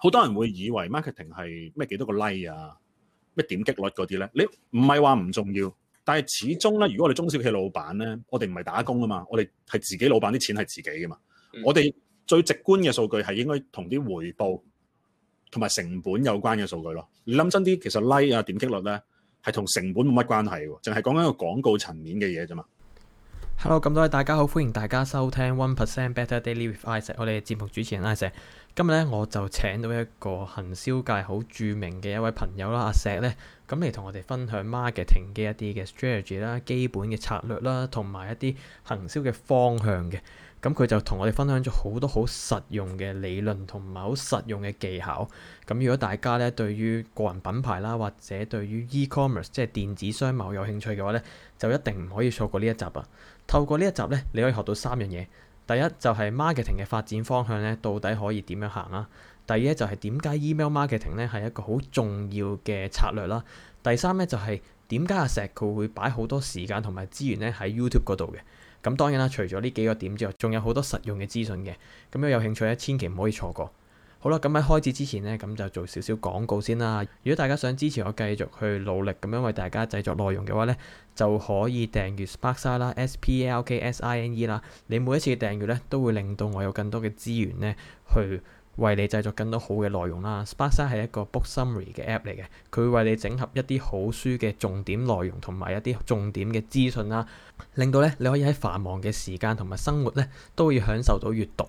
好多人會以為 marketing 係咩幾多個 like 啊，咩點擊率嗰啲咧，你唔係話唔重要，但係始終咧，如果我哋中小企老闆咧，我哋唔係打工啊嘛，我哋係自己老闆，啲錢係自己噶嘛。嗯、我哋最直觀嘅數據係應該同啲回報同埋成本有關嘅數據咯。你諗真啲，其實 like 啊點擊率咧係同成本冇乜關係喎，淨係講緊個廣告層面嘅嘢啫嘛。Hello，咁多位大家好，歡迎大家收聽 One Percent Better Daily with Isaac，我哋嘅節目主持人 Isaac。今日咧我就請到一個行銷界好著名嘅一位朋友啦，阿石咧，咁嚟同我哋分享 marketing 嘅一啲嘅 strategy 啦、基本嘅策略啦，同埋一啲行銷嘅方向嘅。咁佢就同我哋分享咗好多好實用嘅理論同埋好實用嘅技巧。咁如果大家咧對於個人品牌啦或者對於 e-commerce 即係電子商貿有興趣嘅話咧，就一定唔可以錯過呢一集啊！透過呢一集咧，你可以學到三樣嘢。第一就係、是、marketing 嘅發展方向咧，到底可以點樣行啦？第二咧就係、是、點解 email marketing 咧係一個好重要嘅策略啦。第三咧就係點解阿石佢會擺好多時間同埋資源咧喺 YouTube 嗰度嘅。咁當然啦，除咗呢幾個點之外，仲有好多實用嘅資訊嘅。咁如果有興趣咧，千祈唔可以錯過。好啦，咁喺開始之前呢，咁就做少少廣告先啦。如果大家想支持我繼續去努力咁樣為大家製作內容嘅話呢，就可以訂閱 Sparksine 啦，S P A R K S I N E 啦。你每一次嘅訂閱呢，都會令到我有更多嘅資源呢，去為你製作更多好嘅內容啦。Sparksine 係一個 book summary 嘅 app 嚟嘅，佢會為你整合一啲好書嘅重點內容同埋一啲重點嘅資訊啦，令到呢，你可以喺繁忙嘅時間同埋生活呢，都要享受到閱讀。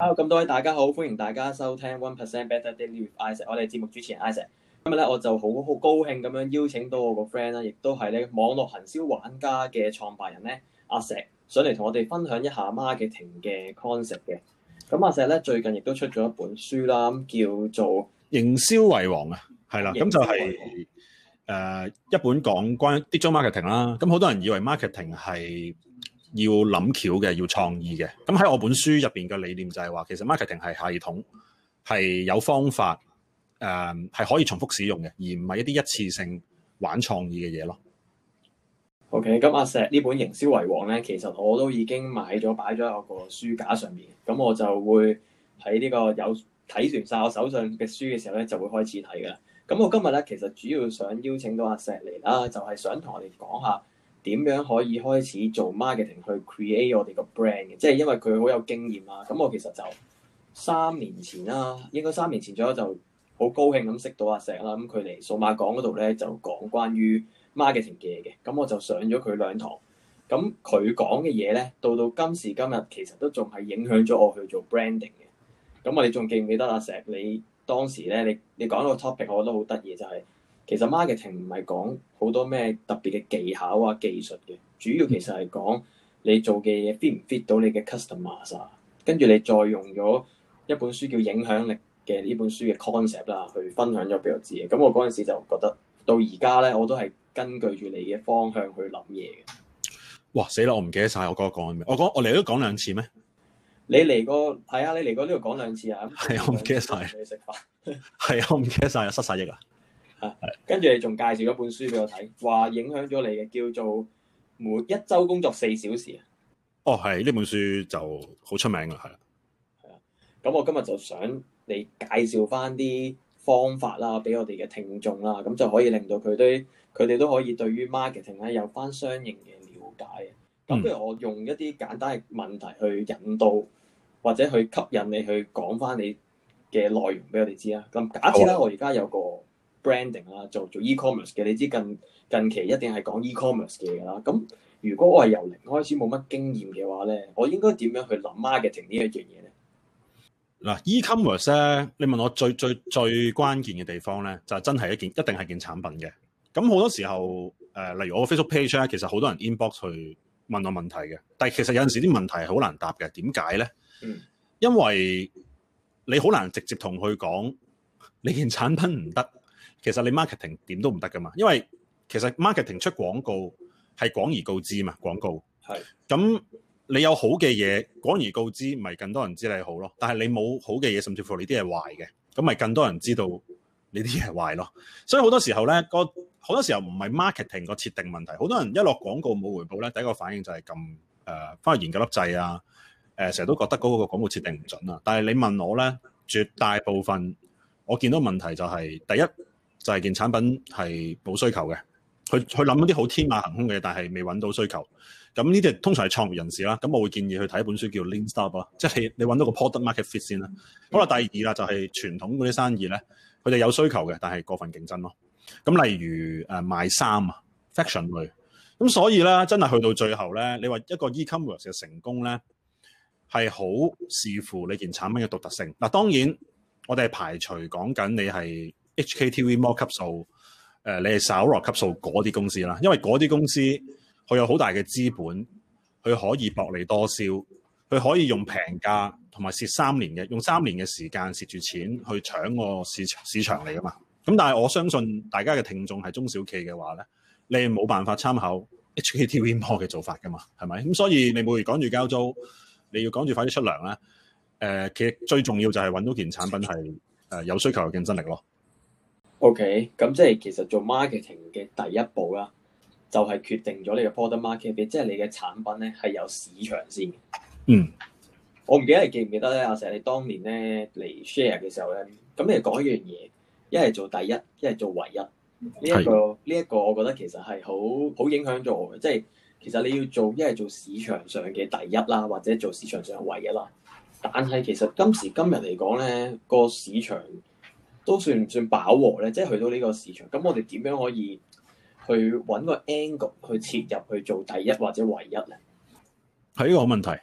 Hello 咁多位大家好，歡迎大家收聽 One Percent Better Daily with Isa，我哋節目主持人 Isa。今日咧，我就好高興咁樣邀請到我個 friend 啦，亦都係你網絡行銷玩家嘅創辦人咧阿石，上嚟同我哋分享一下 marketing 嘅 concept 嘅。咁、啊、阿石咧最近亦都出咗一本書啦，叫做《營銷為王》啊，係啦，咁就係、是、誒、呃、一本講關於 digital marketing 啦。咁好多人以為 marketing 係。要諗橋嘅，要創意嘅。咁喺我本書入邊嘅理念就係話，其實 marketing 係系統，係有方法，誒、呃、係可以重複使用嘅，而唔係一啲一次性玩創意嘅嘢咯。OK，咁阿石呢本《營銷為王》咧，其實我都已經買咗擺咗喺我個書架上面。咁我就會喺呢個有睇完晒我手上嘅書嘅時候咧，就會開始睇㗎啦。咁我今日咧，其實主要想邀請到阿石嚟啦，就係、是、想同我哋講下。點樣可以開始做 marketing 去 create 我哋個 brand 嘅？即係因為佢好有經驗啊！咁我其實就三年前啦，應該三年前左右就好高興咁識到阿石啦。咁佢嚟數碼港嗰度咧就講關於 marketing 嘅嘢嘅。咁我就上咗佢兩堂。咁佢講嘅嘢咧，到到今時今日其實都仲係影響咗我去做 branding 嘅。咁我哋仲記唔記得阿石，你當時咧，你你講個 topic 我覺得好得意，就係。其實 marketing 唔係講好多咩特別嘅技巧啊，技術嘅，主要其實係講你做嘅嘢 fit 唔 fit 到你嘅 customer 啊，跟住你再用咗一本書叫《影響力》嘅呢本書嘅 concept 啦，去分享咗俾我知嘅。咁我嗰陣時就覺得，到而家咧我都係根據住你嘅方向去諗嘢嘅。哇！死啦！我唔記得晒，我嗰日講啲咩？我講我嚟都講兩次咩？你嚟過係啊？你嚟過呢度講兩次啊？係我唔記得晒，你食飯係我唔記得晒，失晒憶啊！啊，跟住你仲介紹一本書俾我睇，話影響咗你嘅，叫做每一週工作四小時啊。哦，係呢本書就好出名㗎，係。係啊，咁我今日就想你介紹翻啲方法啦，俾我哋嘅聽眾啦，咁就可以令到佢哋佢哋都可以對於 marketing 咧有翻相應嘅了解。咁不如我用一啲簡單嘅問題去引導，嗯、或者去吸引你去講翻你嘅內容俾我哋知啊。咁假設咧，的我而家有個 Branding 啦，做做、e、e-commerce 嘅，你知近近期一定係講 e-commerce 嘅啦。咁如果我係由零開始冇乜經驗嘅話咧，我應該點樣去諗 marketing 一呢一樣嘢咧？嗱，e-commerce 咧，你問我最最最關鍵嘅地方咧，就係、是、真係一件一定係件產品嘅。咁好多時候，誒、呃，例如我 Facebook page 咧，其實好多人 inbox 去問我問題嘅，但係其實有陣時啲問題係好難答嘅。點解咧？嗯，mm. 因為你好難直接同佢講你件產品唔得。其實你 marketing 點都唔得噶嘛，因為其實 marketing 出廣告係廣而告之嘛，廣告係。咁是的 你有好嘅嘢廣而告之，咪更多人知你好咯。但係你冇好嘅嘢，甚至乎你啲係壞嘅，咁咪更多人知道你啲嘢係壞咯。所以好多時候咧，個好多時候唔係 marketing 個設定問題。好多人一落廣告冇回報咧，第一個反應就係咁：呃「誒，翻去研究粒掣啊。誒、呃，成日都覺得嗰個廣告設定唔準啊。但係你問我咧，絕大部分我見到問題就係、是、第一。就係件產品係冇需求嘅，佢佢諗一啲好天馬行空嘅嘢，但係未揾到需求。咁呢啲通常係創業人士啦。咁我會建議佢睇一本書叫 Lean Startup 啦，即係、就是、你揾到個 product market fit 先啦、嗯。好啦，第二啦就係傳統嗰啲生意咧，佢哋有需求嘅，但係過分競爭咯。咁例如誒賣衫啊，fashion 類。咁所以咧，真係去到最後咧，你話一個 e-commerce 嘅成功咧，係好視乎你件產品嘅獨特性。嗱，當然我哋係排除講緊你係。HKTV More 級數，誒，你係少落級數嗰啲公司啦，因為嗰啲公司佢有好大嘅資本，佢可以薄利多銷，佢可以用平價同埋蝕三年嘅，用三年嘅時間蝕住錢去搶個市市場嚟㗎嘛。咁但係我相信大家嘅聽眾係中小企嘅話咧，你係冇辦法參考 HKTV More 嘅做法㗎嘛？係咪咁？所以你冇如趕住交租，你要趕住快啲出糧啦。誒、呃，其實最重要就係揾到件產品係誒有需求嘅競爭力咯。O.K. 咁即係其實做 marketing 嘅第一步啦，啊，就係、是，決定咗你嘅 product market，即係你嘅產品咧係有市場先嘅。嗯，我唔記得你記唔記得咧，阿成你當年咧嚟 share 嘅時候咧，咁你講一樣嘢，一係做第一，一係做唯一。呢一個呢一個，是個，我覺得其實係好好影響咗我嘅。即係其實你要做一係做市場上嘅第一啦，或者做市場上嘅唯一啦。但係其實今時今日嚟講咧，個市場。都算唔算飽和咧？即、就、係、是、去到呢個市場，咁我哋點樣可以去揾個 angle 去切入去做第一或者唯一咧？係呢個好問題。誒、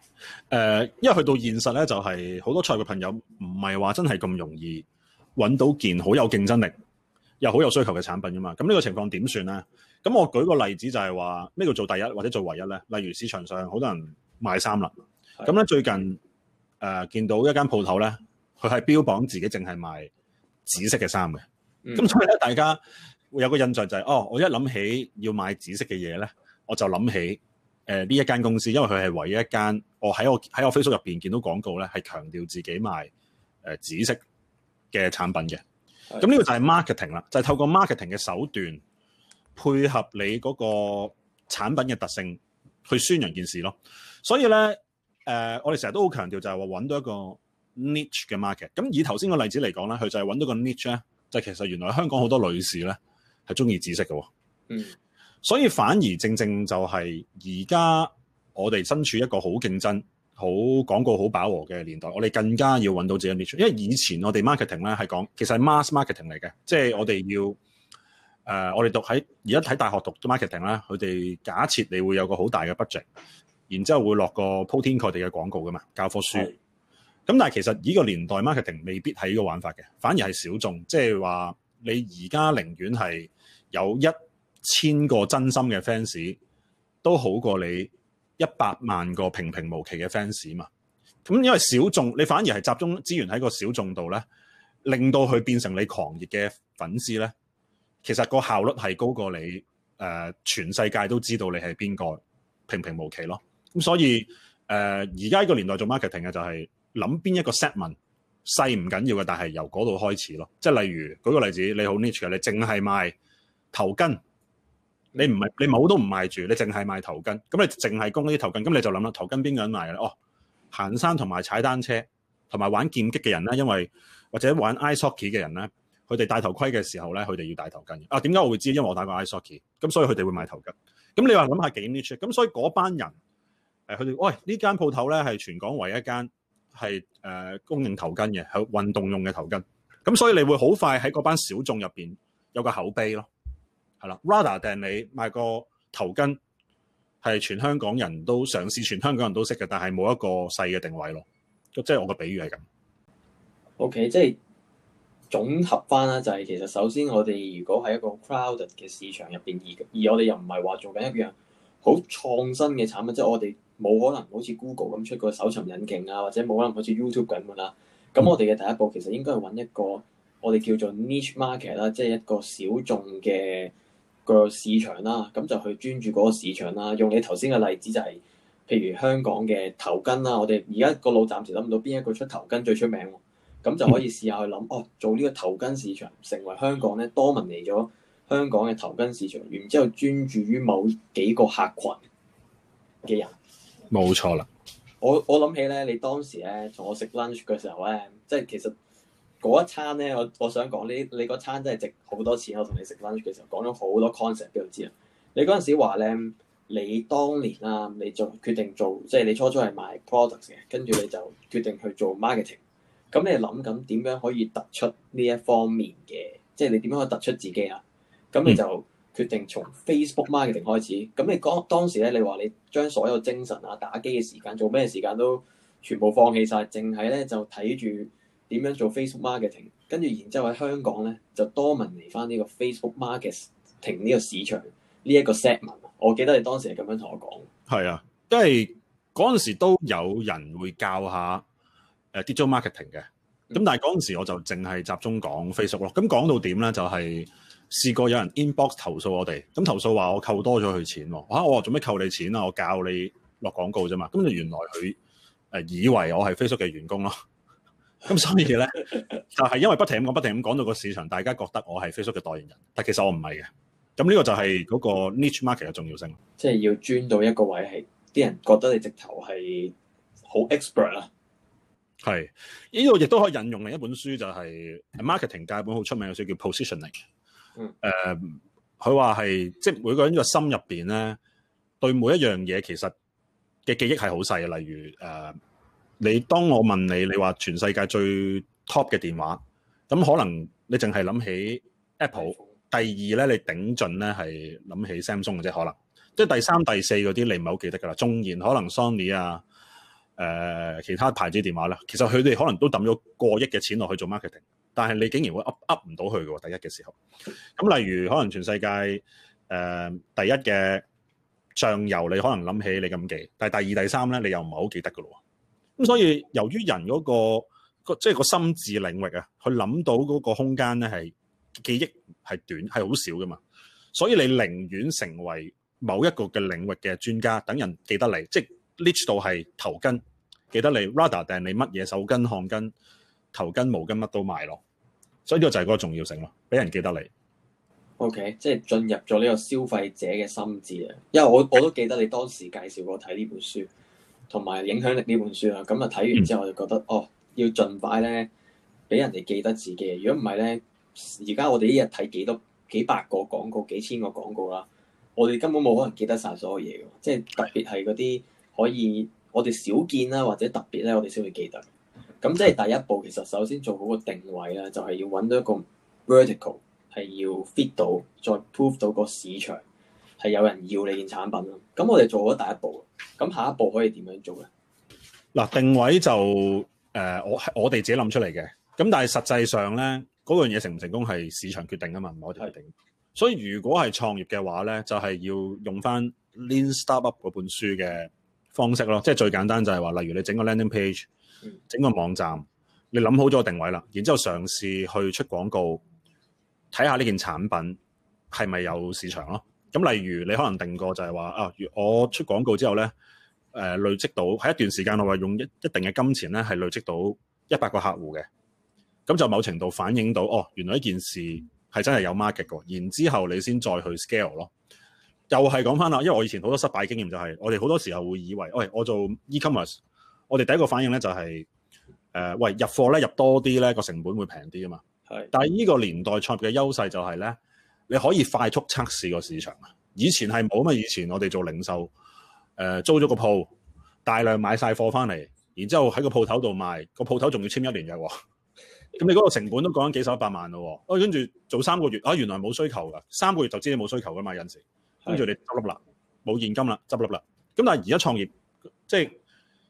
呃，因為去到現實咧，就係、是、好多創業嘅朋友唔係話真係咁容易揾到件好有競爭力又好有需求嘅產品噶嘛。咁呢個情況點算咧？咁我舉個例子就係話咩叫做第一或者做唯一咧？例如市場上好多人賣衫襪，咁咧的最近誒、呃、見到一間鋪頭咧，佢係標榜自己淨係賣。紫色嘅衫嘅，咁、嗯、所以咧大家會有個印象就係、是，哦，我一諗起要買紫色嘅嘢咧，我就諗起誒呢、呃、一間公司，因為佢係唯一一間我喺我喺我 Facebook 入邊見到廣告咧，係強調自己賣誒、呃、紫色嘅產品嘅。咁呢、嗯、個就係 marketing 啦，就係、是、透過 marketing 嘅手段配合你嗰個產品嘅特性去宣揚件事咯。所以咧誒、呃，我哋成日都好強調就係話揾到一個。niche 嘅 market，咁以頭先個例子嚟講咧，佢就係揾到個 niche 咧，就其實原來香港好多女士咧係中意紫色嘅、哦，嗯，所以反而正正就係而家我哋身處一個好競爭、好廣告好飽和嘅年代，我哋更加要揾到自己 niche，因為以前我哋 marketing 咧係講其實係 mass marketing 嚟嘅，即、就、係、是、我哋要誒、呃、我哋讀喺而家睇大學讀 marketing 啦，佢哋假設你會有個好大嘅 budget，然之後會落個鋪天蓋地嘅廣告㗎嘛，教科書。嗯咁但係其實呢個年代 marketing 未必係呢個玩法嘅，反而係小眾，即係話你而家寧願係有一千個真心嘅 fans 都好過你一百萬個平平無奇嘅 fans 嘛。咁因為小眾，你反而係集中資源喺個小眾度咧，令到佢變成你狂熱嘅粉絲咧，其實個效率係高過你誒、呃、全世界都知道你係邊個平平無奇咯。咁所以誒，而家呢個年代做 marketing 嘅就係、是。諗邊一個 set 問細唔緊要嘅，但係由嗰度開始咯。即係例如舉個例子，你好 niche 嘅，你淨係賣頭巾，你唔係你帽都唔賣住，你淨係賣,賣頭巾。咁你淨係供呢啲頭巾，咁你就諗啦，頭巾邊個人買嘅咧？哦，行山同埋踩單車同埋玩劍擊嘅人咧，因為或者玩 ice hockey 嘅人咧，佢哋戴頭盔嘅時候咧，佢哋要戴頭巾。啊，點解我會知？因為我戴過 ice hockey 咁所以佢哋會買頭巾。咁你話諗下幾 niche？咁所以嗰班人，誒，佢哋喂呢間鋪頭咧係全港唯一間。係誒供應頭巾嘅，係運動用嘅頭巾。咁所以你會好快喺嗰班小眾入邊有個口碑咯。係啦，rather than 你賣個頭巾，係全香港人都嘗試，全香港人都識嘅，但係冇一個細嘅定位咯。即係我個比喻係咁。O、okay, K，即係總合翻啦、就係，就係其實首先我哋如果喺一個 crowded 嘅市場入邊，而而我哋又唔係話做緊一樣好創新嘅產品，即係我哋。冇可能好似 Google 咁出個搜尋引擎啊，或者冇可能好似 YouTube 咁噶啦。咁我哋嘅第一步其實應該係揾一個我哋叫做 niche market 啦，即係一個小眾嘅個市場啦。咁就去專注嗰個市場啦。用你頭先嘅例子就係，譬如香港嘅頭巾啦，我哋而家個腦暫時諗唔到邊一個出頭巾最出名，咁就可以試下去諗哦，做呢個頭巾市場，成為香港咧多文嚟咗香港嘅頭巾市場，然之後專注於某幾個客群嘅人。冇錯啦，我我諗起咧，你當時咧同我食 lunch 嘅時候咧，即係其實嗰一餐咧，我我想講呢，你嗰餐真係值好多錢。我同你食 lunch 嘅時候講咗好多 concept 俾我知啊。你嗰陣時話咧，你當年啦、啊，你做決定做，即係你初初係賣 products 嘅，跟住你就決定去做 marketing。咁你係諗緊點樣可以突出呢一方面嘅，即係你點樣可以突出自己啊？咁你就，嗯決定從 Facebook marketing 開始，咁你當當時咧，你話你將所有精神啊、打機嘅時間、做咩時間都全部放棄晒，淨係咧就睇住點樣做 Facebook marketing，跟住然之後喺香港咧就多聞嚟翻呢個 Facebook marketing 呢個市場呢一個 segment。我記得你當時係咁樣同我講。係啊，因為嗰陣時都有人會教下誒 digital marketing 嘅，咁但係嗰陣時我就淨係集中講 Facebook 咯。咁講到點咧，就係、是。試過有人 inbox 投訴我哋，咁投訴話我扣多咗佢錢喎，我話做咩扣你錢啊？我教你落廣告啫嘛，咁就原來佢誒以為我係 Facebook 嘅員工咯，咁 所以咧就係、是、因為不停咁講，不停咁講到個市場，大家覺得我係 Facebook 嘅代言人，但其實我唔係嘅，咁呢個就係嗰個 niche market 嘅重要性，即係要專到一個位，係啲人覺得你直頭係好 expert 啦。係呢度亦都可以引用另一本書，就係、是、marketing 界本好出名嘅書叫 positioning。誒，佢話係即係每個人個心入邊咧，對每一樣嘢其實嘅記憶係好細嘅。例如誒，uh, 你當我問你，你話全世界最 top 嘅電話，咁可能你淨係諗起 Apple。第二咧，你頂盡咧係諗起 Samsung 嘅啫，可能即係第三、第四嗰啲你唔係好記得噶啦。縱然可能 Sony 啊，誒、uh, 其他牌子電話啦，其實佢哋可能都抌咗過億嘅錢落去做 marketing。但係你竟然會 up up 唔到佢嘅喎，第一嘅時候，咁例如可能全世界誒第一嘅醬油，你可能諗起你咁記，但係第二、第三咧，你又唔係好記得㗎咯喎。咁所以由於人嗰個個即係個心智領域啊，佢諗到嗰個空間咧係記憶係短係好少㗎嘛，所以你寧願成為某一個嘅領域嘅專家，等人記得你，即係 reach 到係頭巾記得你，rather 定係你乜嘢手巾、汗巾？頭巾、毛巾乜都賣咯，所以呢個就係嗰個重要性咯，俾人記得你。O、okay, K，即係進入咗呢個消費者嘅心智啊！因為我我都記得你當時介紹過睇呢本書，同埋影響力呢本書啊，咁啊睇完之後我就覺得，嗯、哦，要盡快咧俾人哋記得自己。如果唔係咧，而家我哋一日睇幾多幾百個廣告、幾千個廣告啦，我哋根本冇可能記得晒所有嘢㗎。即係特別係嗰啲可以我哋少見啦，或者特別咧，我哋先會記得。咁即係第一步，其實首先做好個定位啦，就係要揾到一個 vertical，係要 fit 到，再 prove 到個市場係有人要你件產品咯。咁我哋做好第一步，咁下一步可以點樣做咧？嗱，定位就誒、呃，我我哋自己諗出嚟嘅。咁但係實際上咧，嗰樣嘢成唔成功係市場決定噶嘛，唔係我哋決定。的所以如果係創業嘅話咧，就係要用翻 Lean Startup 嗰本書嘅方式咯，即係最簡單就係話，例如你整個 landing page。整個網站，你諗好咗個定位啦，然之後嘗試去出廣告，睇下呢件產品係咪有市場咯。咁例如你可能定過就係話啊，我出廣告之後呢，誒、呃、累積到喺一段時間內話用一一定嘅金錢呢，係累積到一百個客戶嘅，咁就某程度反映到哦，原來呢件事係真係有 market 嘅。然之後你先再去 scale 咯。又係講翻啦，因為我以前好多失敗經驗就係、是，我哋好多時候會以為，喂、哎，我做 e-commerce。Commerce，我哋第一個反應咧就係、是，誒、呃、喂，入貨咧，入多啲咧個成本會平啲啊嘛。是的 但係呢個年代創業嘅優勢就係咧，你可以快速測試個市場。以前係冇啊嘛，以前我哋做零售，誒、呃、租咗個鋪，大量買晒貨翻嚟，然之後喺個鋪頭度賣，個鋪頭仲要簽一年嘅喎。咁 你嗰個成本都講緊幾十一百萬咯。喎、啊。跟住做三個月，啊，原來冇需求㗎，三個月就知你冇需求㗎嘛，有陣時跟住是的 你執笠啦，冇現金啦，執笠啦。咁但係而家創業，即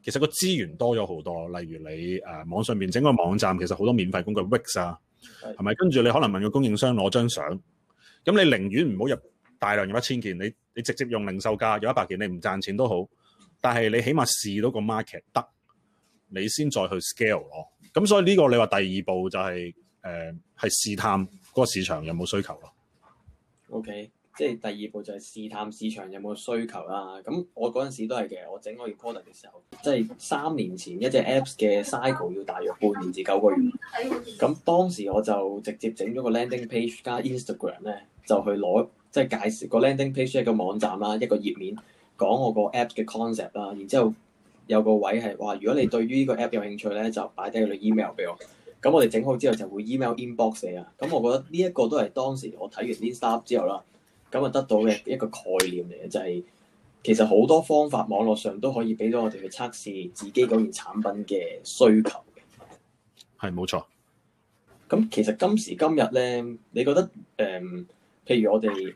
其實個資源多咗好多，例如你誒網上面整個網站，其實好多免費工具 Wix 啊，係咪的？跟住你可能問個供應商攞張相，咁你寧願唔好入大量入一千件，你你直接用零售價有一百件，你唔賺錢都好，但係你起碼試到個 market 得，你先再去 scale 咯。咁所以呢個你話第二步就係、係、誒、呃、試探嗰個市場有冇需求咯。OK。即係第二步就係試探市場有冇需求啦、啊。咁我嗰陣時都係嘅，我整我 report 嘅時候，即係三年前一隻 apps 嘅 cycle 要大約半年至九個月。咁當時我就直接整咗個 landing page 加 Instagram 咧，就去攞即係介紹個 landing page 一係個網站啦，一個頁面講我個 app 嘅 concept 啦。然之後有個位係話，如果你對於呢個 app 有興趣咧，就擺低個 email 俾我。咁我哋整好之後就會 email inbox 你啊。咁我覺得呢一個都係當時我睇完啲 staff 之後啦。咁啊，得到嘅一個概念嚟嘅，就係其實好多方法，網絡上都可以俾到我哋去測試自己嗰件產品嘅需求嘅。係冇錯。咁其實今時今日咧，你覺得誒、呃，譬如我哋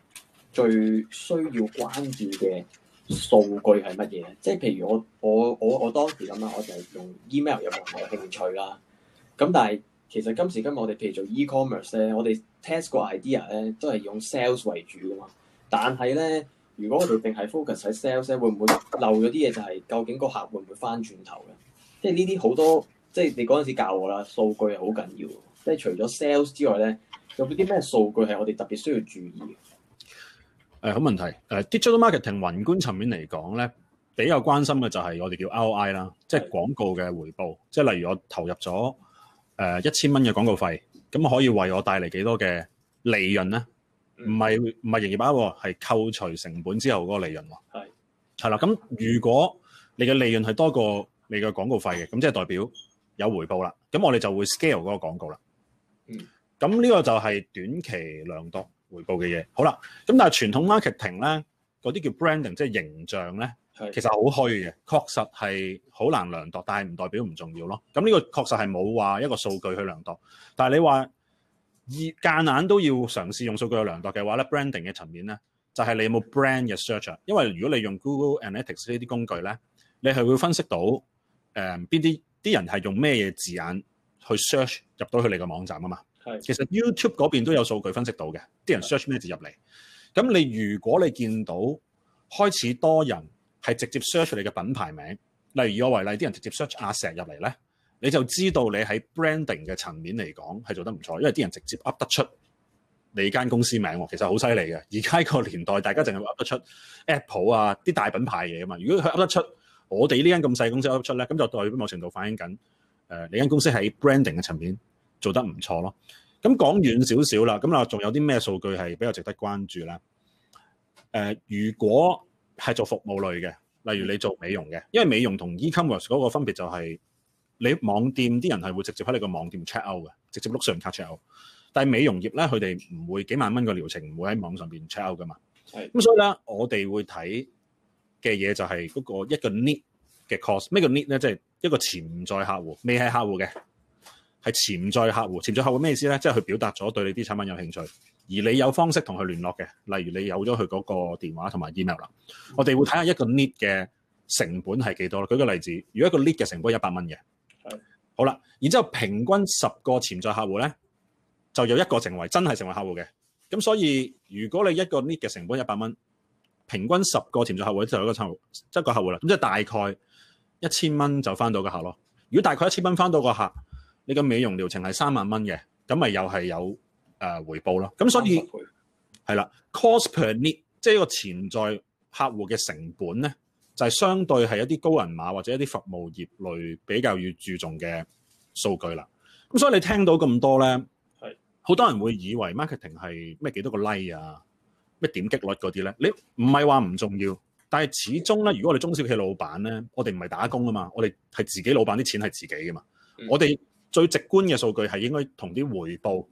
最需要關注嘅數據係乜嘢？即係譬如我我我我當時咁啦，我就係用 email 有冇我興趣啦。咁但係。其實今時今日我哋譬如做 e-commerce 咧，我哋 test 個 idea 咧都係用 sales 為主㗎嘛。但係咧，如果我哋淨係 focus 喺 sales 咧，會唔會漏咗啲嘢？就係究竟個客會唔會返轉頭嘅？即係呢啲好多，即係你嗰陣時教我啦，數據係好緊要。即係除咗 sales 之外咧，有冇啲咩數據係我哋特別需要注意嘅？誒、呃，好問題。誒，digital marketing 宏觀層面嚟講咧，比較關心嘅就係我哋叫 ROI 啦，即係廣告嘅回報。的即係例如我投入咗。誒一千蚊嘅廣告費，咁可以為我帶嚟幾多嘅利潤咧？唔係唔係營業額喎，係扣除成本之後嗰個利潤喎。係係啦，咁如果你嘅利潤係多過你嘅廣告費嘅，咁即係代表有回報啦。咁我哋就會 scale 嗰個廣告啦。嗯，咁呢個就係短期量度回報嘅嘢。好啦，咁但係傳統 marketing 咧，嗰啲叫 branding，即係形象咧。其實好虛嘅，確實係好難量度，但係唔代表唔重要咯。咁呢個確實係冇話一個數據去量度，但係你話依間硬都要嘗試用數據去量度嘅話咧，branding 嘅層面咧就係、是、你有冇 brand 嘅 search。啊？因為如果你用 Google Analytics 呢啲工具咧，你係會分析到誒邊啲啲人係用咩嘢字眼去 search 入到去你個網站啊嘛。係的其實 YouTube 嗰邊都有數據分析到嘅，啲人 search 咩字入嚟。咁你如果你見到開始多人，係直接 search 你嘅品牌名，例如以我為例，啲人直接 search 阿石入嚟咧，你就知道你喺 branding 嘅層面嚟講係做得唔錯，因為啲人直接噏得出你間公司名，其實好犀利嘅。而家個年代大家淨係噏得出 Apple 啊，啲大品牌嘢啊嘛。如果佢噏得出我哋呢間咁細公司噏出咧，咁就對某程度反映緊誒你間公司喺 branding 嘅層面做得唔錯咯。咁講遠少少啦，咁啊仲有啲咩數據係比較值得關注咧？誒、呃，如果係做服務類嘅，例如你做美容嘅，因為美容同 e-commerce 嗰個分別就係你網店啲人係會直接喺你個網店 check out 嘅，直接碌信用卡 check out。但係美容業咧，佢哋唔會幾萬蚊個療程唔會喺網上邊 check out 噶嘛。咁的所以咧，我哋會睇嘅嘢就係嗰個一個 need 嘅 cost。咩叫 need 咧？即係一個潛在客戶，未係客戶嘅。係潛在客戶，潛在客戶咩意思咧？即係佢表達咗對你啲產品有興趣，而你有方式同佢聯絡嘅，例如你有咗佢嗰個電話同埋 email 啦。嗯、我哋會睇下一個 lead 嘅成本係幾多咯。舉個例子，如果一個 lead 嘅成本一百蚊嘅，是好啦，然之後平均十個潛在客戶咧，就有一個成為真係成為客戶嘅。咁所以如果你一個 lead 嘅成本一百蚊，平均十個潛在客戶就有一個客戶，即係個客戶啦。咁即係大概一千蚊就翻到個客咯。如果大概一千蚊翻到個客。呢個美容療程係三萬蚊嘅，咁咪又係有、呃、回報咯。咁所以係啦，cost per lead 即係一個潛在客戶嘅成本咧，就係、是、相對係一啲高人馬或者一啲服務業類比較要注重嘅數據啦。咁所以你聽到咁多咧，係好多人會以為 marketing 係咩幾多個 like 啊，咩點擊率嗰啲咧？你唔係話唔重要，但係始終咧，如果我哋中小企老闆咧，我哋唔係打工啊嘛，我哋係自己老闆，啲錢係自己噶嘛，嗯、我哋。最直觀嘅數據係應該同啲回報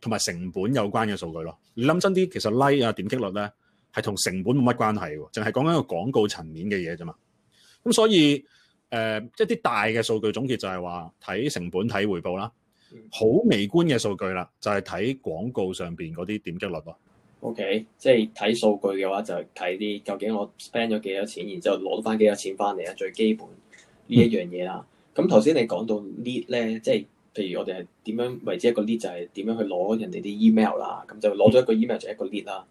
同埋成本有關嘅數據咯。你諗真啲，其實 like 啊點擊率咧係同成本冇乜關係喎，淨係講緊個廣告層面嘅嘢啫嘛。咁所以誒，即、呃、啲大嘅數據總結就係話睇成本、睇回報啦。好微觀嘅數據啦，就係睇廣告上邊嗰啲點擊率咯。OK，即係睇數據嘅話，就係睇啲究竟我 spend 咗幾多錢，然之後攞翻幾多錢翻嚟啊？最基本呢一樣嘢啦。嗯咁頭先你講到 lead 咧，即係譬如我哋係點樣為之一個 lead 就係點樣去攞人哋啲 email 啦。咁就攞咗一個 email 就一個 lead 啦。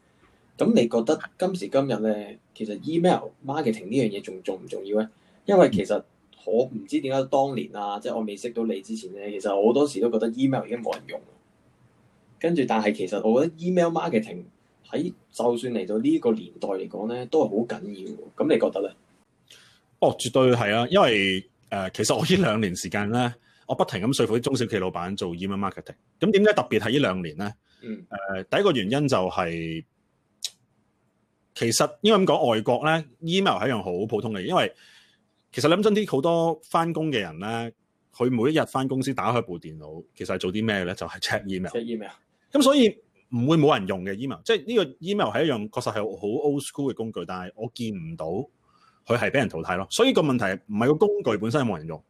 咁你覺得今時今日咧，其實 email marketing 呢樣嘢仲重唔重要咧？因為其實我唔知點解當年啊，即係我未識到你之前咧，其實好多時都覺得 email 已經冇人用。跟住，但係其實我覺得 email marketing 喺就算嚟到呢個年代嚟講咧，都係好緊要。咁你覺得咧？哦，絕對係啊，因為呃、其實我呢兩年時間咧，我不停咁說服啲中小企老闆做 email marketing。咁點解特別係呢兩年咧、嗯呃？第一個原因就係、是、其實因為咁講，外國咧 email 係一樣好普通嘅嘢。因為其實你諗真啲，好多返工嘅人咧，佢每一日返公司打開部電腦，其實係做啲咩咧？就係、是、check email。check email。咁所以唔會冇人用嘅 email，即係呢個 email 係一樣確實係好 old school 嘅工具，但係我見唔到，佢係俾人淘汰咯，所以個問題唔係個工具本身冇人用，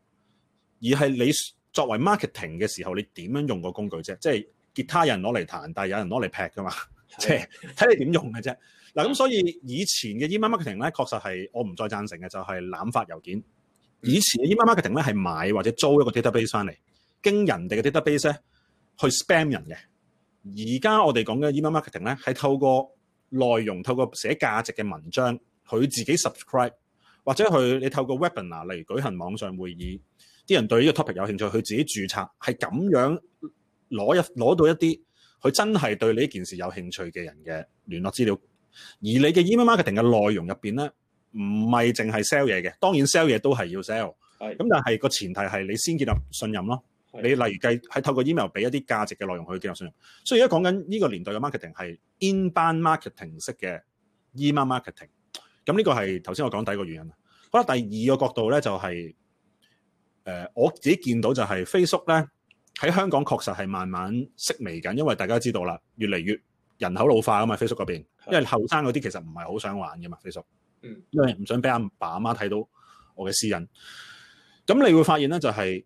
而係你作為 marketing 嘅時候，你點樣用個工具啫？即係吉他有人攞嚟彈，但係有人攞嚟劈噶嘛？即係睇你點用嘅啫。嗱咁，所以以前嘅 email marketing 咧，確實係我唔再贊成嘅，就係濫發郵件。以前 email marketing 咧係買或者租一個 database 翻嚟，經人哋嘅 database 咧去 spam 人嘅。而家我哋講嘅 email marketing 咧，係透過內容，透過寫價值嘅文章，佢自己 subscribe。或者佢你透過 webinar 嚟舉行網上會議，啲人對呢個 topic 有興趣，佢自己註冊，係咁樣攞一攞到一啲佢真係對你呢件事有興趣嘅人嘅聯絡資料。而你嘅 email marketing 嘅內容入面咧，唔係淨係 sell 嘢嘅，當然 sell 嘢都係要 sell 的。咁但係個前提係你先建立信任咯。的你例如計係透過 email 俾一啲價值嘅內容去建立信任。所以而家講緊呢個年代嘅 marketing 係 inbound marketing 式嘅 email marketing。咁呢個係頭先我講第一個原因啦。第二個角度咧，就係、呃、我自己見到就係 Facebook 咧喺香港確實係慢慢式微緊，因為大家知道啦，越嚟越人口老化啊嘛，Facebook 嗰邊，因為後生嗰啲其實唔係好想玩嘅嘛，Facebook，因為唔想俾阿爸阿媽睇到我嘅私隱。咁你會發現咧，就係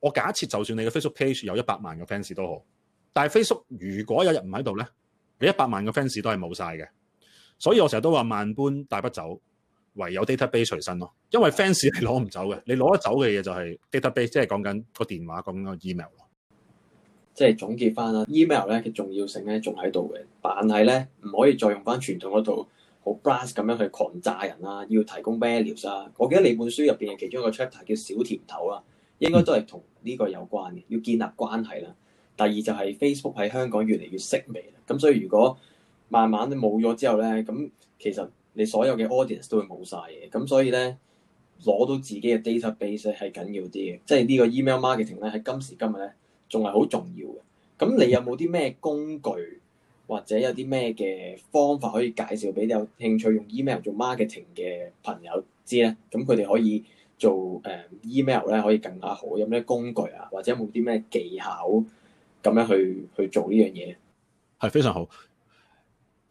我假設就算你嘅 Facebook page 有一百萬個 fans 都好，但係 Facebook 如果有日唔喺度咧，你一百萬個 fans 都係冇晒嘅。所以我成日都話萬般帶不走，唯有 data base 隨身咯。因為 fans 係攞唔走嘅，你攞得走嘅嘢就係 data base，即係講緊個電話、講緊 email 咯。即係總結翻啦，email 咧嘅重要性咧仲喺度嘅，但係咧唔可以再用翻傳統嗰套好 brass 咁樣去狂炸人啦，要提供 values 啦。我記得你本書入邊嘅其中一個 chapter 叫小甜頭啦，應該都係同呢個有關嘅，要建立關係啦。第二就係 Facebook 喺香港越嚟越式微啦，咁所以如果慢慢都冇咗之後咧，咁其實你所有嘅 audience 都會冇晒嘅，咁所以咧攞到自己嘅 database 係係緊要啲嘅，即係呢個 email marketing 咧喺今時今日咧仲係好重要嘅。咁你有冇啲咩工具或者有啲咩嘅方法可以介紹俾你有興趣用 email 做 marketing 嘅朋友知咧？咁佢哋可以做誒 email 咧可以更加好，有咩工具啊，或者有冇啲咩技巧咁樣去去做呢樣嘢？係非常好。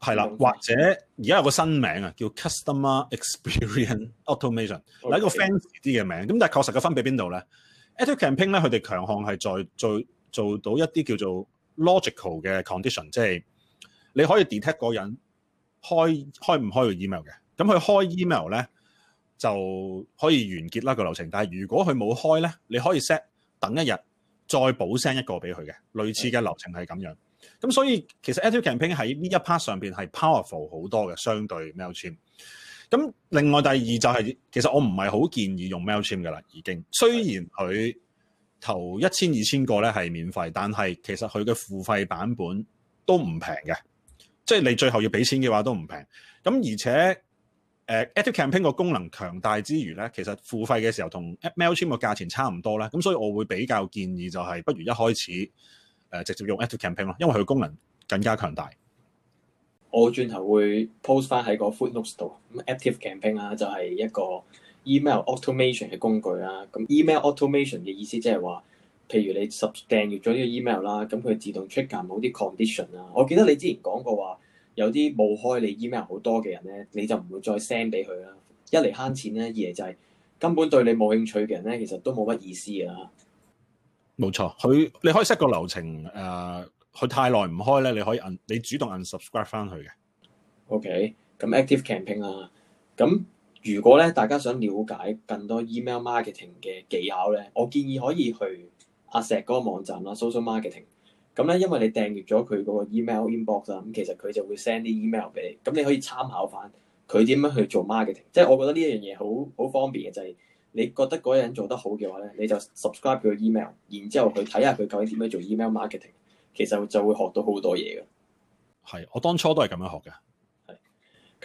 係啦，或者而家有個新名啊，叫 Customer Experience Automation，係 Okay. 一個 fancy 啲嘅名。咁但係確實嘅分別邊度咧？ActiveCampaign 咧佢哋強項係在做做,做到一啲叫做 logical 嘅 condition，即係你可以 detect 人開開唔開個 email 嘅。咁佢開 email 咧就可以完結啦個流程。但係如果佢冇開咧，你可以 set 等一日再補 send 一個俾佢嘅，類似嘅流程係咁樣。Okay. 咁所以其實 Active Campaign 喺呢一 part 上面係 powerful 好多嘅，相對 Mailchimp。咁另外第二就係、是、其實我唔係好建議用 Mailchimp 噶啦，已經。雖然佢頭一千二千個咧係免費，但係其實佢嘅付費版本都唔平嘅，即、就、係、是、你最後要俾錢嘅話都唔平。咁而且誒 Active Campaign 個功能強大之餘咧，其實付費嘅時候同 Mailchimp 嘅價錢差唔多咧。咁所以我會比較建議就係不如一開始。呃、直接用 Active Campaign 咯，因為佢功能更加強大。我轉頭會 post 翻喺個 footnote 度，咁 Active Campaign 啊，就係、是、一個 email automation 嘅工具啦、啊。咁 email automation 嘅意思即係話，譬如你 subscribe 咗呢個 email 啦、啊，咁佢自動 check 緊某啲 condition 啦、啊。我記得你之前講過話，有啲冇開你 email 好多嘅人咧，你就唔會再 send 俾佢啦。一嚟慳錢啦，二嚟就係、是、根本對你冇興趣嘅人咧，其實都冇乜意思嘅。冇錯，佢你可以 set 個流程，誒、呃，佢太耐唔開咧，你可以摁，你主動摁 unsubscribe 翻佢嘅。OK，咁 active campaign 啊，咁如果咧大家想了解更多 email marketing 嘅技巧咧，我建議可以去阿石嗰個網站啦 Social Marketing。咁咧，因為你訂閲咗佢嗰個 email inbox 啦，咁其實佢就會 send 啲 email 俾你，咁你可以參考翻佢點樣去做 marketing。即係我覺得呢一樣嘢好好方便嘅就係、是。你覺得嗰個人做得好嘅話咧，你就 subscribe 佢個 email，然之後去睇下佢究竟點樣做 email marketing。其實就會學到好多嘢嘅。係，我當初都係咁樣學嘅。係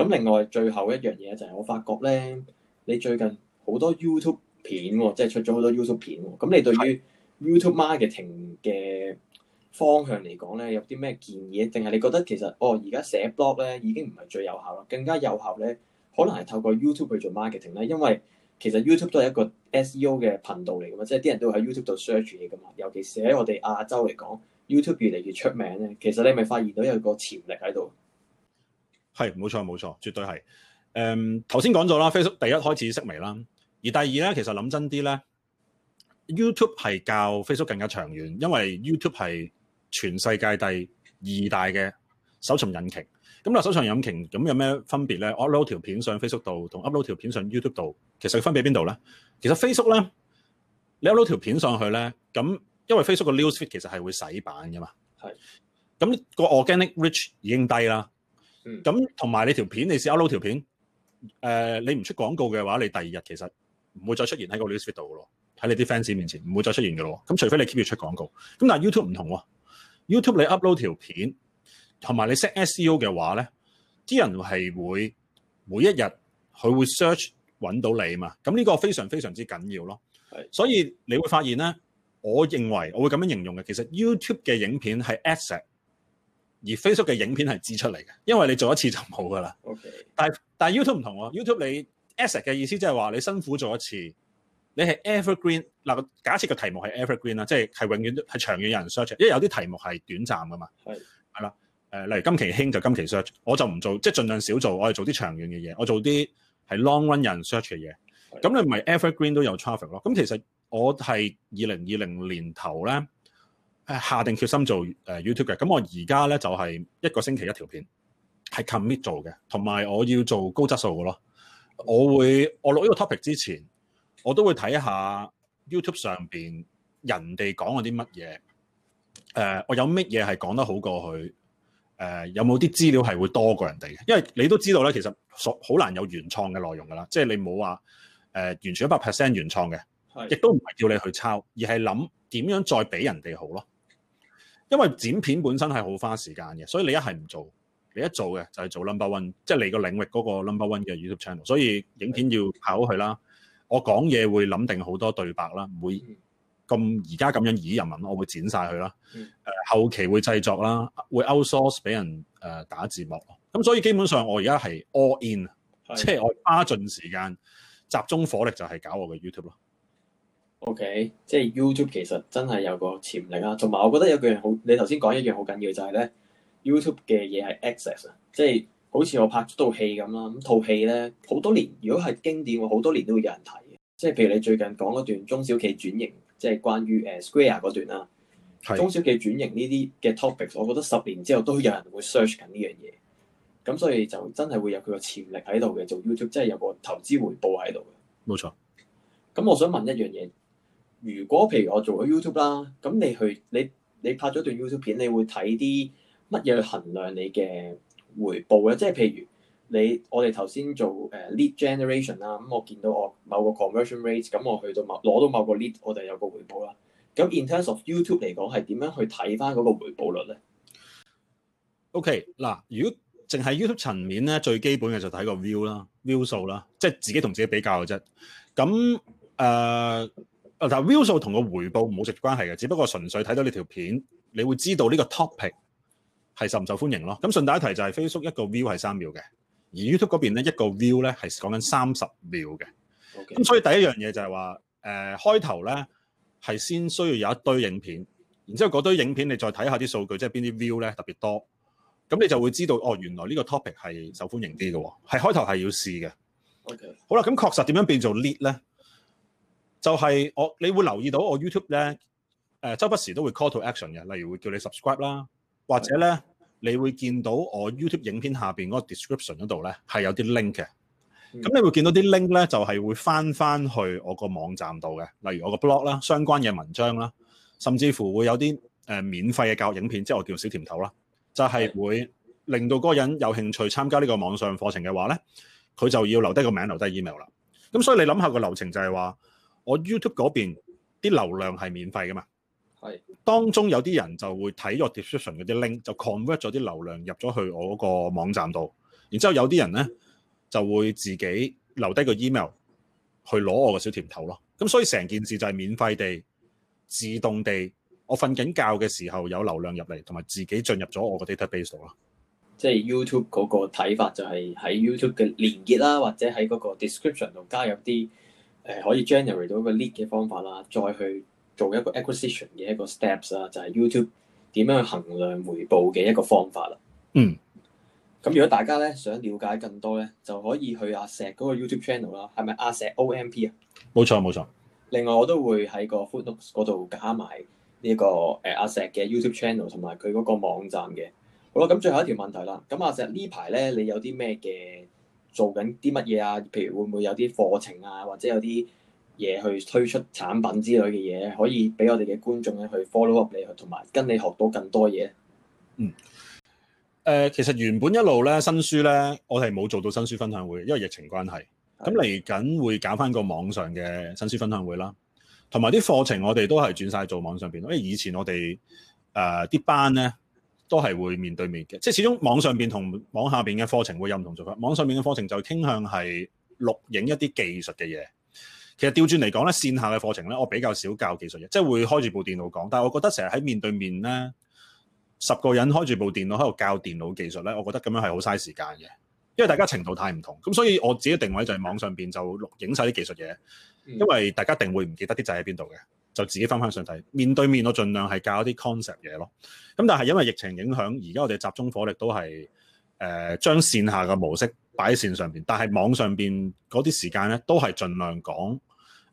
咁，另外最後一樣嘢就係我發覺咧，你最近好多 YouTube 片喎，即係出咗好多 YouTube 片喎。咁你對於 YouTube marketing 嘅方向嚟講咧，有啲咩建議？定係你覺得其實哦，而家寫 blog 咧已經唔係最有效啦，更加有效咧，可能係透過 YouTube 去做 marketing 咧，因為。其實 YouTube 都係一個 SEO 嘅頻道嚟㗎嘛，即係啲人都喺 YouTube 度 search 嘢㗎嘛，尤其是喺我哋亞洲嚟講，YouTube 越嚟越出名咧，其實你係咪發現到有個潛力喺度？係冇錯冇錯，絕對係。誒，頭先講咗啦，Facebook 第一開始式微啦，而第二咧，其實諗真啲咧，YouTube 係較 Facebook 更加長遠，因為 YouTube 係全世界第二大嘅搜尋引擎。咁啦，手上引擎咁有咩分別咧？upload 條片上 Facebook 度同 upload 條片上 YouTube 度，其實分別邊度咧？其實 Facebook 咧，你 upload 條片上去咧，咁因為 Facebook 個 newsfeed 其實係會洗版㗎嘛。係是。咁個 organic r i c h 已經低啦。咁同埋你條片，你試 upload 條片，誒、呃，你唔出廣告嘅話，你第二日其實唔會再出現喺個 newsfeed 度嘅咯。喺你啲 fans 面前唔會再出現嘅咯。咁除非你 keep 住出廣告。咁但係 YouTube 唔同喎、哦、YouTube 你 upload 條片。同埋你 set SEO 嘅話咧，啲人係會每一日佢會 search 揾到你嘛？咁呢個非常非常之緊要咯。所以你會發現咧，我認為我會咁樣形容嘅，其實 YouTube 嘅影片係 asset，而 Facebook 嘅影片係支出嚟嘅，因為你做一次就冇噶啦。OK，但係但係 YouTube 唔同喎，YouTube 你 asset 嘅意思即係話你辛苦做一次，你係 evergreen。嗱，假設個題目係 evergreen 啦，即係係永遠都係長遠有人 search，因為有啲題目係短暫噶嘛。係，係啦。誒，例如今期興就今期 search，我就唔做，即係盡量少做。我係做啲長遠嘅嘢，我做啲係 long run 人 search 嘅嘢。咁你唔係 evergreen 都有 traffic 咯。咁其實我係二零二零年頭咧，誒下定決心做 YouTube 嘅。咁我而家咧就係一個星期一條片，係 commit 做嘅，同埋我要做高質素嘅咯。我會我錄呢個 topic 之前，我都會睇下 YouTube 上面人哋講咗啲乜嘢，我有乜嘢係講得好過佢。誒有冇啲資料係會多過人哋？因為你都知道咧，其實所好難有原創嘅內容㗎啦，即係你冇話誒完全一百 percent 原創嘅，亦都唔係叫你去抄，而係諗點樣再俾人哋好咯。因為剪片本身係好花時間嘅，所以你一係唔做，你一做嘅就係做 number one，即係你個領域嗰個 number one 嘅 YouTube channel，所以影片要考佢啦。我講嘢會諗定好多對白啦，會。咁而家咁樣以人民，我會剪曬佢啦。誒，後期會製作啦，會 outsource 俾人誒打字幕咯。咁所以基本上我而家係 all in，即係的我花盡時間集中火力就係搞我嘅 YouTube 咯。OK，即係 YouTube 其實真係有個潛力啦，啊。同埋我覺得有樣好，你頭先講一樣好緊要就係咧 YouTube 嘅嘢係 access 啊，即係好似我拍咗套戲咁啦。咁套戲咧，好多年，如果係經典，好多年都會有人睇嘅。即係譬如你最近講嗰段中小企轉型。即係關於 Square 嗰段啦，是的 中小企轉型呢啲嘅 topic，我覺得十年之後都有人會 search 緊呢樣嘢，咁所以就真係會有佢個潛力喺度嘅做 YouTube，即係有個投資回報喺度嘅。冇錯。咁我想問一樣嘢，如果譬如我做咗 YouTube 啦，咁你去你你拍咗段 YouTube 片，你會睇啲乜嘢去衡量你嘅回報咧？即係譬如。你我哋頭先做、呃、lead generation 啦、啊，咁、嗯、我見到我某個 conversion rate，咁、嗯、我去到某攞到某個 lead，我哋有個回報啦。咁 in terms of YouTube 嚟講，係點樣去睇翻嗰個回報率咧？OK 嗱，如果淨係 YouTube 層面咧，最基本嘅就睇個 view 啦，view 數啦，即係自己同自己比較嘅啫。咁、呃、但 view 數同個回報冇直接關係嘅，只不過純粹睇到你條片，你會知道呢個 topic 係受唔受歡迎咯。咁順帶一提就係 Facebook 一個 view 係三秒嘅。而 YouTube 嗰邊咧，一個 view 咧係講緊三十秒嘅。咁 Okay. 所以第一樣嘢就係話，誒開頭咧係先需要有一堆影片，然之後嗰堆影片你再睇下啲數據，即係邊啲 view 咧特別多，咁你就會知道哦，原來呢個 topic 係受歡迎啲嘅，係開頭係要試嘅。OK，好啦，咁確實點樣變做 lead 咧？就係、是、我你會留意到我 YouTube 咧、呃，周不時都會 call to action 嘅，例如會叫你 subscribe 啦，或者咧。Okay. 你會見到我 YouTube 影片下面嗰個 description 度咧係有啲 link 嘅，咁你會見到啲 link 咧就係、是、會翻翻去我個網站度嘅，例如我個 blog 啦、相關嘅文章啦，甚至乎會有啲、呃、免費嘅教育影片，即係我叫小甜頭啦，就係、是、會令到嗰個人有興趣參加呢個網上課程嘅話咧，佢就要留低個名字、留低 email 啦。咁所以你諗下個流程就係話，我 YouTube 嗰邊啲流量係免費噶嘛？係，是當中有啲人就會睇個 description 嗰啲 link，就 convert 咗啲流量入咗去我個網站度。然之後有啲人咧就會自己留低個 email 去攞我個小甜頭咯。咁所以成件事就係免費地、自動地，我瞓緊覺嘅時候有流量入嚟，同埋自己進入咗我個 database 度咯。即係 YouTube 嗰個睇法就係喺 YouTube 嘅連結啦、啊，或者喺嗰個 description 度加入啲誒、呃、可以 generate 到個 lead 嘅方法啦、啊，再去。做一個 acquisition 嘅一個 steps 啦，就係 YouTube 點樣衡量回報嘅一個方法啦。嗯，咁如果大家咧想了解更多咧，就可以去阿石嗰個 YouTube channel 啦。係咪阿石 OMP 啊？冇錯冇錯。另外我都會喺個 Footnotes 嗰度加埋呢個誒阿石嘅 YouTube channel 同埋佢嗰個網站嘅。好啦，咁最後一條問題啦。咁阿石呢排咧，你有啲咩嘅做緊啲乜嘢啊？譬如會唔會有啲課程啊，或者有啲嘢去推出產品之類嘅嘢，可以俾我哋嘅觀眾咧去 follow up 你，同埋跟你學到更多嘢。嗯，誒、呃，其實原本一路咧新書咧，我哋冇做到新書分享會，因為疫情關係。咁嚟緊會搞翻個網上嘅新書分享會啦，同埋啲課程我哋都係轉晒做網上邊，因為以前我哋誒啲班咧都係會面對面嘅，即係始終網上邊同網下邊嘅課程會有唔同做法。網上邊嘅課程就傾向係錄影一啲技術嘅嘢。其實調轉嚟講咧，線下嘅課程咧，我比較少教技術嘢，即係會開住部電腦講。但我覺得成日喺面對面咧，十個人開住部電腦喺度教電腦技術咧，我覺得咁樣係好嘥時間嘅，因為大家程度太唔同。咁所以我自己定位就係網上邊就錄影晒啲技術嘢，嗯、因為大家定會唔記得啲掣喺邊度嘅，就自己翻返上睇面對面。我盡量係教一啲 concept 嘢咯。咁但係因為疫情影響，而家我哋集中火力都係。誒將線下嘅模式擺喺線上邊，但係網上邊嗰啲時間咧都係盡量講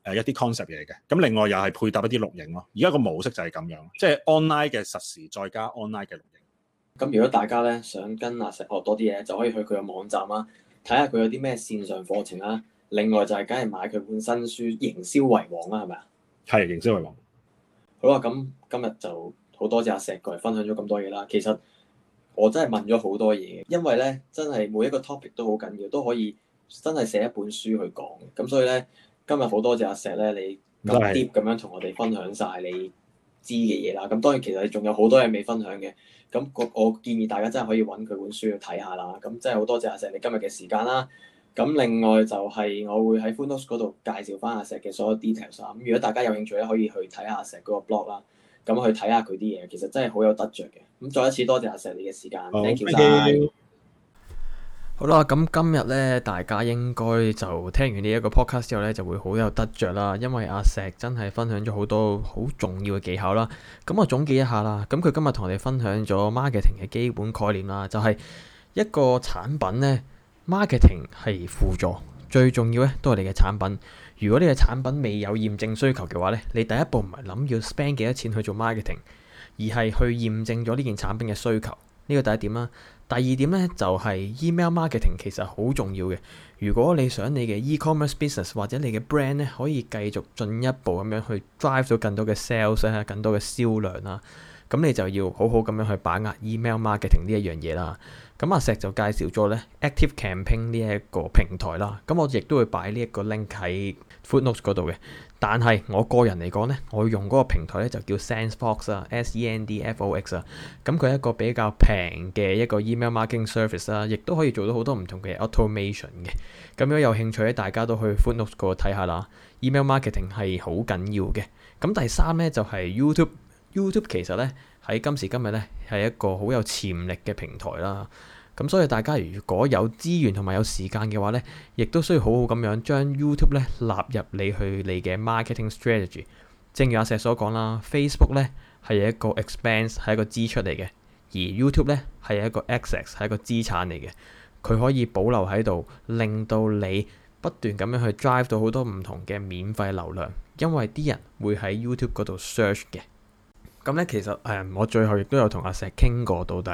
誒一啲 concept 嘢嘅。咁另外又係配搭一啲錄影咯。而家個模式就係咁樣，即係 online 嘅實時再加 online 嘅錄影。咁如果大家咧想跟阿石學多啲嘢，就可以去佢嘅網站啦、啊，睇下佢有啲咩線上課程啦、啊。另外就係梗係買佢本新書《營銷為王》啦，係咪啊？係《營銷為王》好啊。好啦，咁今日就好多謝阿石過嚟分享咗咁多嘢啦。其實，我真係問咗好多嘢，因為咧真係每一個 topic 都好緊要，都可以真係寫一本書去講。咁所以咧，今日好多謝阿石咧，你咁 deep 咁樣同我哋分享晒你知嘅嘢啦。咁的當然其實仲有好多嘢未分享嘅。咁我建議大家真係可以揾佢本書去睇下啦。咁真係好多謝阿石你今日嘅時間啦。咁另外就係我會喺 Funos 嗰度介紹翻阿石嘅所有 details。咁如果大家有興趣咧，可以去睇下阿石嗰個 blog 啦。咁去睇下佢啲嘢，其實真係好有得着嘅。咁再一次多謝阿石你嘅時間，thank you 曬。好啦，咁今日呢，大家應該就聽完呢一個 podcast 之後呢，就會好有得着啦。因為阿石真係分享咗好多好重要嘅技巧啦。咁我總結一下啦。咁佢今日同我哋分享咗 marketing 嘅基本概念啦，就係一個產品呢，marketing 係輔助，最重要呢都係你嘅產品。如果你嘅產品未有驗證需求嘅話咧，你第一步唔係諗要 spend 幾多錢去做 marketing，而係去驗證咗呢件產品嘅需求。呢個第一點啦。第二點咧，就係 email marketing 其實好重要嘅。如果你想你嘅 ecommerce business 或者你嘅 brand 咧可以繼續進一步咁樣去 drive 到更多嘅 sales 更多嘅銷量啦，咁你就要好好咁樣去把握 email marketing 呢一樣嘢啦。咁阿石就介紹咗呢 ActiveCampaign 呢一個平台啦。咁我亦都會擺呢一個 link 喺 footnotes 嗰度嘅。但係我個人嚟講呢，我用嗰個平台呢，就叫 SendFox 啊，S-E-N-D-F-O-X 啊。咁佢係一個比較平嘅一個 email marketing service 啦，亦都可以做到好多唔同嘅 automation 嘅。咁如果有興趣咧，大家都去 footnotes 嗰度睇下啦。email marketing 係好緊要嘅。咁第三呢，就係 YouTube。YouTube 其實呢，喺今時今日呢，係一個好有潛力嘅平台啦。咁所以大家如果有資源同埋有時間嘅話呢，亦都需要好好咁樣將 YouTube 呢納入你去你嘅 marketing strategy。正如阿石所講啦，Facebook 呢係一個 expense 係一個支出嚟嘅，而 YouTube 呢係一個 asset 係一個資產嚟嘅，佢可以保留喺度，令到你不斷咁樣去 drive 到好多唔同嘅免費流量，因為啲人會喺 YouTube 嗰度 search 嘅。咁咧，其實、嗯、我最後亦都有同阿石傾過，到底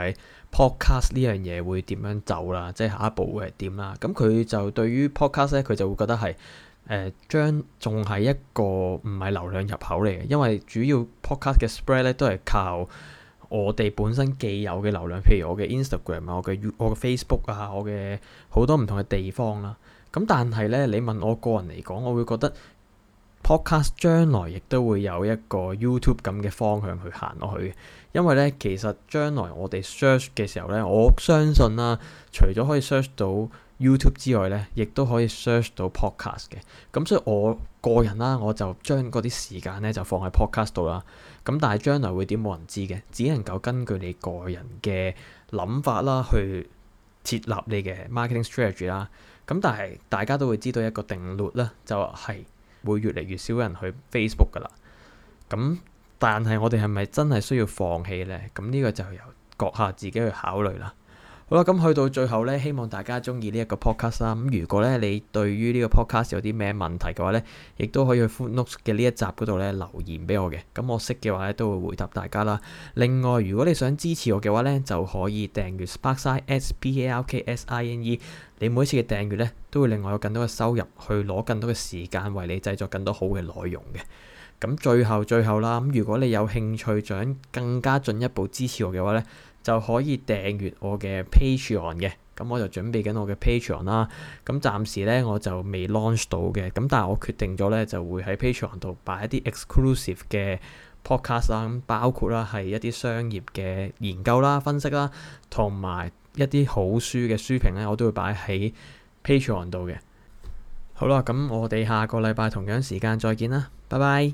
podcast 呢樣嘢會點樣走啦？即係下一步會係點啦？咁佢就對於 podcast 咧，佢就會覺得係誒將仲係一個唔係流量入口嚟嘅，因為主要 podcast 嘅 spread 咧都係靠我哋本身既有嘅流量，譬如我嘅 Instagram 啊、我嘅我嘅 Facebook 啊、我嘅好多唔同嘅地方啦。咁但係咧，你問我個人嚟講，我會覺得，Podcast 將來亦都會有一個 YouTube 咁嘅方向去行落去，因為咧其實將來我哋 search 嘅時候咧，我相信啦、啊，除咗可以 search 到 YouTube 之外咧，亦都可以 search 到 Podcast 嘅。咁所以我個人啦，我就將嗰啲時間咧就放喺 Podcast 度啦。咁但係將來會點，冇人知嘅，只能夠根據你個人嘅諗法啦，去設立你嘅 marketing strategy 啦。咁但係大家都會知道一個定律啦，就係、是。會越嚟越少人去 Facebook 噶啦，咁但係我哋係咪真係需要放棄呢？咁、這、呢個就由閣下自己去考慮啦。好啦，咁去到最後呢，希望大家中意呢一個 podcast 啦。咁如果呢你對於呢個 podcast 有啲咩問題嘅話呢，亦都可以去 Foodnotes 嘅呢一集嗰度呢留言俾我嘅。咁我識嘅話呢，都會回答大家啦。另外如果你想支持我嘅話呢，就可以訂閱 Sparksine S P A R K S I N E。你每次嘅訂閱呢，都會令我有更多嘅收入，去攞更多嘅時間為你製作更多好嘅內容嘅。咁最後最後啦，咁如果你有興趣想更加進一步支持我嘅話呢，就可以訂閱我嘅 Patreon 嘅，咁我就準備緊我嘅 Patreon 啦。咁暫時咧我就未 launch 到嘅，咁但係我決定咗咧就會喺 Patreon 度擺一啲 exclusive 嘅 podcast 啦，咁包括啦係一啲商業嘅研究啦、分析啦，同埋一啲好書嘅書評咧，我都會擺喺 Patreon 度嘅。好啦，咁我哋下個禮拜同樣時間再見啦，拜拜。